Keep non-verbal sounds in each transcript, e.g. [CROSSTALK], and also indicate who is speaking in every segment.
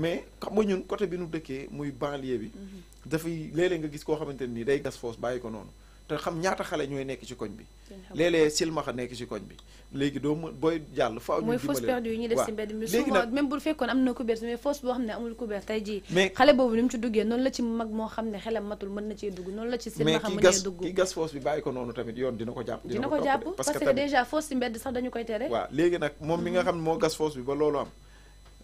Speaker 1: mais xam nga ñun côté bi nu dëkkee muy banlieue bi. Mhm. dafay léeg-léeg nga gis koo xamante ne nii day gas foos bàyyi ko noonu te xam ñaata xale ñooy nekk ci koñ bi. léeg-léeg silmaxa nekk ci koñ bi léegi doo mën booy jàll. faaw ñu dimbale mooy fosse perdue
Speaker 2: yi am ne amul couvert tey jii. mais xale boobu ni mu
Speaker 1: ko noonu tamit yoon dina ko jàpp. dina ko jàpp parce que déjà
Speaker 2: fosse si mbedd sax dañu koy tere.
Speaker 1: léegi nag moom mi nga mhm. xam ne moo gas fosse bi ba loolu am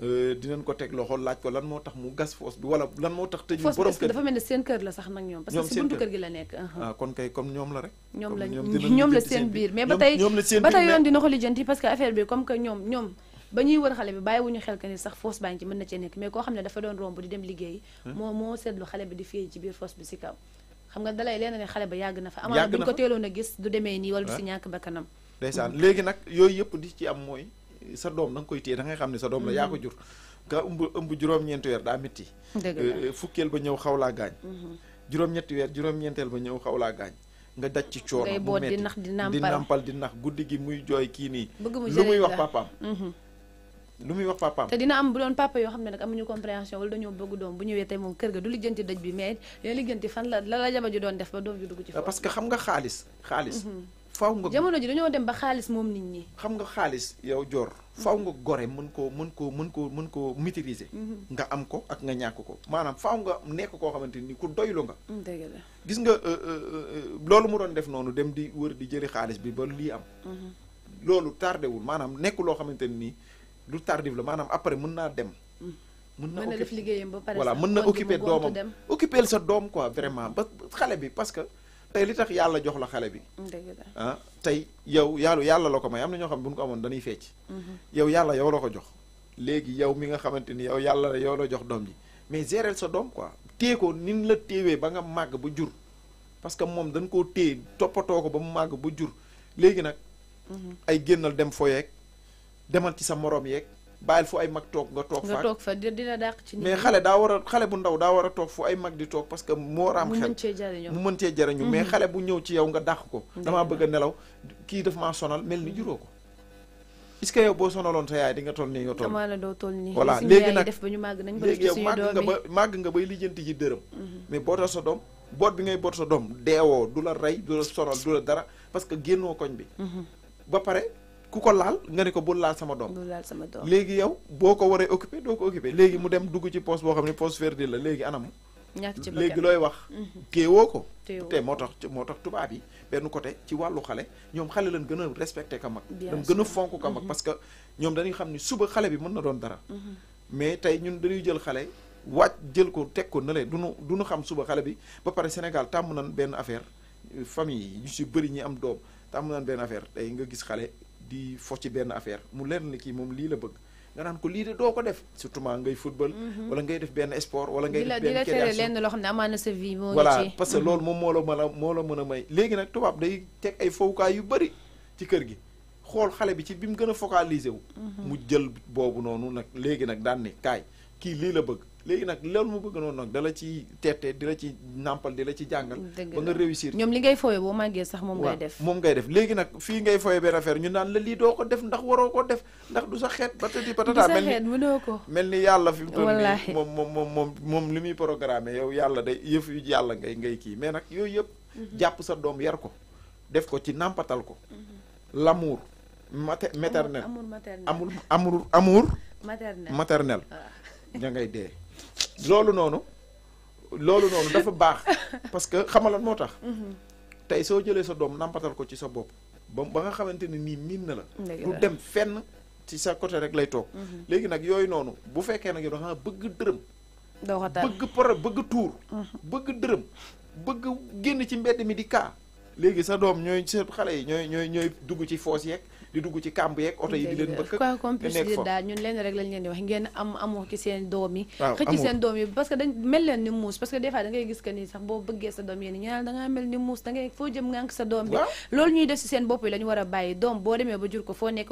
Speaker 1: Euh, dinañ ko teg loxo laaj ko lan moo tax mu gas foos bi wala lan moo tax. tëj borom kër dafa
Speaker 2: mel ne seen kër la sax nag ñoom. parce que si buntu kër gi la nekk. Uh-huh.
Speaker 1: Ah, kon kay comme ñoom la rek.
Speaker 2: ñoom la [LAUGHS] seen biir mais ba tey ba tey yoon dina ko lijjanti parce que affaire bi comme que ñoom ñoom. ba ñuy wër xale bi bàyyi wuñu xel que ni sax fosse baa ci mën na cee nekk mais koo xam ne dafa doon romb di dem liggéey moo moo seetlu xale bi di fiyee ci biir fosse bi si kaw xam nga dalay leen ne xale ba yàgg na fa amaana a gis du demee nii wala du si ñàkk bakkanam
Speaker 1: ndeysaan nag yooyu yëpp di ci am mooy sa doom da nga koy téye da ngay xam ne sa doom la yaa ko mm-hmm. jur ka ëmb ëmb juróom-ñeenti weer daa métti euh, fukkeel ba ñëw xaw laa gaañ mm-hmm. juróom-ñetti weer juróom-ñeenteel ba ñëw xaw laa gaañ nga daj ci coono mu metti di nàmpal di nax guddi gi muy jooy kii nii lu muy wax papaam mm-hmm. lu muy wax papaam te dina
Speaker 2: am bu doon papa yoo xam ne nag amuñu compréhension wala dañoo bëgg doom bu ñëwee tey moom kër ga du lijjanti daj bi mais dina lijjanti fan la la faw nga. jamono ji dañoo dem ba xaalis moom nit ñi.
Speaker 1: xam nga xaalis yow jor faw nga gore mën koo mën koo mën koo mën koo maîtriser. Mhm. nga ko ak nga ñàkk ko maanaam faw nga nekk koo xamante ni ku doylu nga. Mm, dëgg la gis nga euh, euh, euh, loolu mu doon def noonu dem di wër di jëli xaalis bi ba lii am. Mhm. loolu tardé wul maanaam nekk loo xamante ni lu tardif la maanaam après mën naa dem. Mm. mën na def
Speaker 2: liggéeyam ba pare voilà mën na occuper doomam
Speaker 1: occupeel sa doom quoi vraiment ba xale bi parce que. tey li tax yàlla jox la xale bi. ah tey yow yàlla yàlla la ko may am na ñoo xam ne bu ñu ko amoon dañuy fecc. Mhm. yow yàlla yow la ko jox. léegi yow mi nga xamante ni yow yàlla yow la jox doom ji mais gérer sa doom quoi téye ko nin la téewee ba nga màgg ba jur. parce que moom dañ koo téye toppatoo ko ba mu màgg ba jur léegi nag. Mhm. ay génnal dem foo yeeg demal ci sa moroom yeeg. bàyyil fu ay mag toog nga toog
Speaker 2: fa nga mais xale
Speaker 1: daa war a xale bu ndaw daa war a toog fu ay mag di toog parce que moo raam xel mu mën cee jariñu mais mhm. xale bu ñëw ci yow nga dàq ko damaa bëgg a nelaw kii daf maa sonal mel ni juróo ko est-ce que boo sonaloon sa yaay di nga toll nii nga toll
Speaker 2: la doo toll nii voilà léegi nag def ba ñu màgg nañ léegi yow màgg nga ba
Speaker 1: màgg nga bay lijjanti ji dërëm mhm. mais bootal sa doom boot bi ngay boot sa doom deewoo du la rey du la sonal du la dara parce que génnoo koñ bi mhm. ba pare ku ko laal nga ne ko bu laal sama doom. bul laal léegi yow boo ko waree occupé doo ko occupé léegi mu dem dugg ci poste boo xam ne poste fertile la léegi anam.
Speaker 2: ñàkk ci léegi looy wax. Mhm. téewoo ko. te
Speaker 1: moo tax moo tax tubaab yi benn côté ci wàllu xale ñoom xale lañ gën a respecté ka mag. dañ gën a fonk ka mag mhm. parce que ñoom dañuy xam ni suba xale bi mën na doon dara. Mhm. mais tey ñun dañuy jël xale wàcc jël ko teg ko nële du nu du nu xam suba xale bi ba pare Sénégal tàmm nañ benn affaire famille yi si bëri ñi am doom tàmm nañ benn affaire tey nga gis xale di fo ci benn affaire mu leer ni kii moom lii la bëgg nga naan ko lii de doo ko def surtout maa ngay football. Mhm. wala ngay def benn sport wala ngay def benn la tere lenn
Speaker 2: loo xam ne amaana sa vie moo ngi ci voilà parce mhm. loolu
Speaker 1: moom moo la mën a moo a may léegi nag tubaab day teg ay fowukaay yu bëri ci kër gi xool xale bi ci bi mu gën a focaliser wu mhm. mu jël boobu noonu nag léegi nag daan ni kaay kii lii la bëgg léegi nag loolu mu bëgg noonu nag dala ci teete di la ci nàmpal di la ci jàngal ba nga réussir ñoom
Speaker 2: li ngay fooye boo màggee sax moom ngay def
Speaker 1: moom ngay def léegi nag fii ngay fooye benn affaire ñu naan la lii doo ko def ndax waroo ko def ndax du sa xeet patati patata mel ni mel ni yàlla fi mu moom moom moom moom moom li muy programme yow yàlla de yëf yu yàlla ngay ngay kii mais nag yooyu yëpp mhm. jàpp sa doom yar ko def ko ci nàmpatal ko
Speaker 2: mhm.
Speaker 1: l'amour maternel amour amour amour
Speaker 2: maternel maternel da
Speaker 1: ah. ngay dee loolu noonu loolu noonu dafa baax parce que xamalan moo tax tey soo jëlee sa doom nàmpatal ko ci sa bopp ba ba nga xamante ni nii miin na la du dem fenn ci sa côté rek lay toog mhm. léegi nag yooyu noonu bu fekkee nag yow da nga bëgg dërëm bëgg pro bëgg tuur mhm. bëgg dërëm bëgg génn ci mbedd mi di kaa léegi sa doom ñooy sa xale yi ñooy ñooy ñooy dugg ci foos yeeg di dugg ci kàmb yeeg oto yi di leen bëkk quoi qu'on puisse dire daal
Speaker 2: ñun leen rek lañ leen di wax ci seen doom yi xëcc seen yi ni ko foo nekk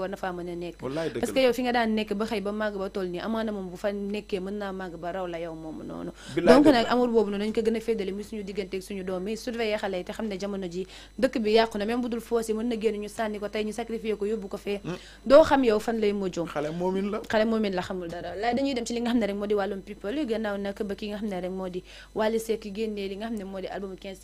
Speaker 2: te xam ne jamono ji dëkk bi yàqu na même bu dul foos mën na génn ñu sànni ko tey ñu sacrifier ko yóbbu ko fee hmm. doo xam yow fan lay mujjoo xale moomin la xale moomin la xamul dara laay dañuy dem ci li nga xam ne rek moo di wàllum people gannaaw nag ba ki nga xam ne rek moo di Wally Seck génnee li nga xam ne moo di album 15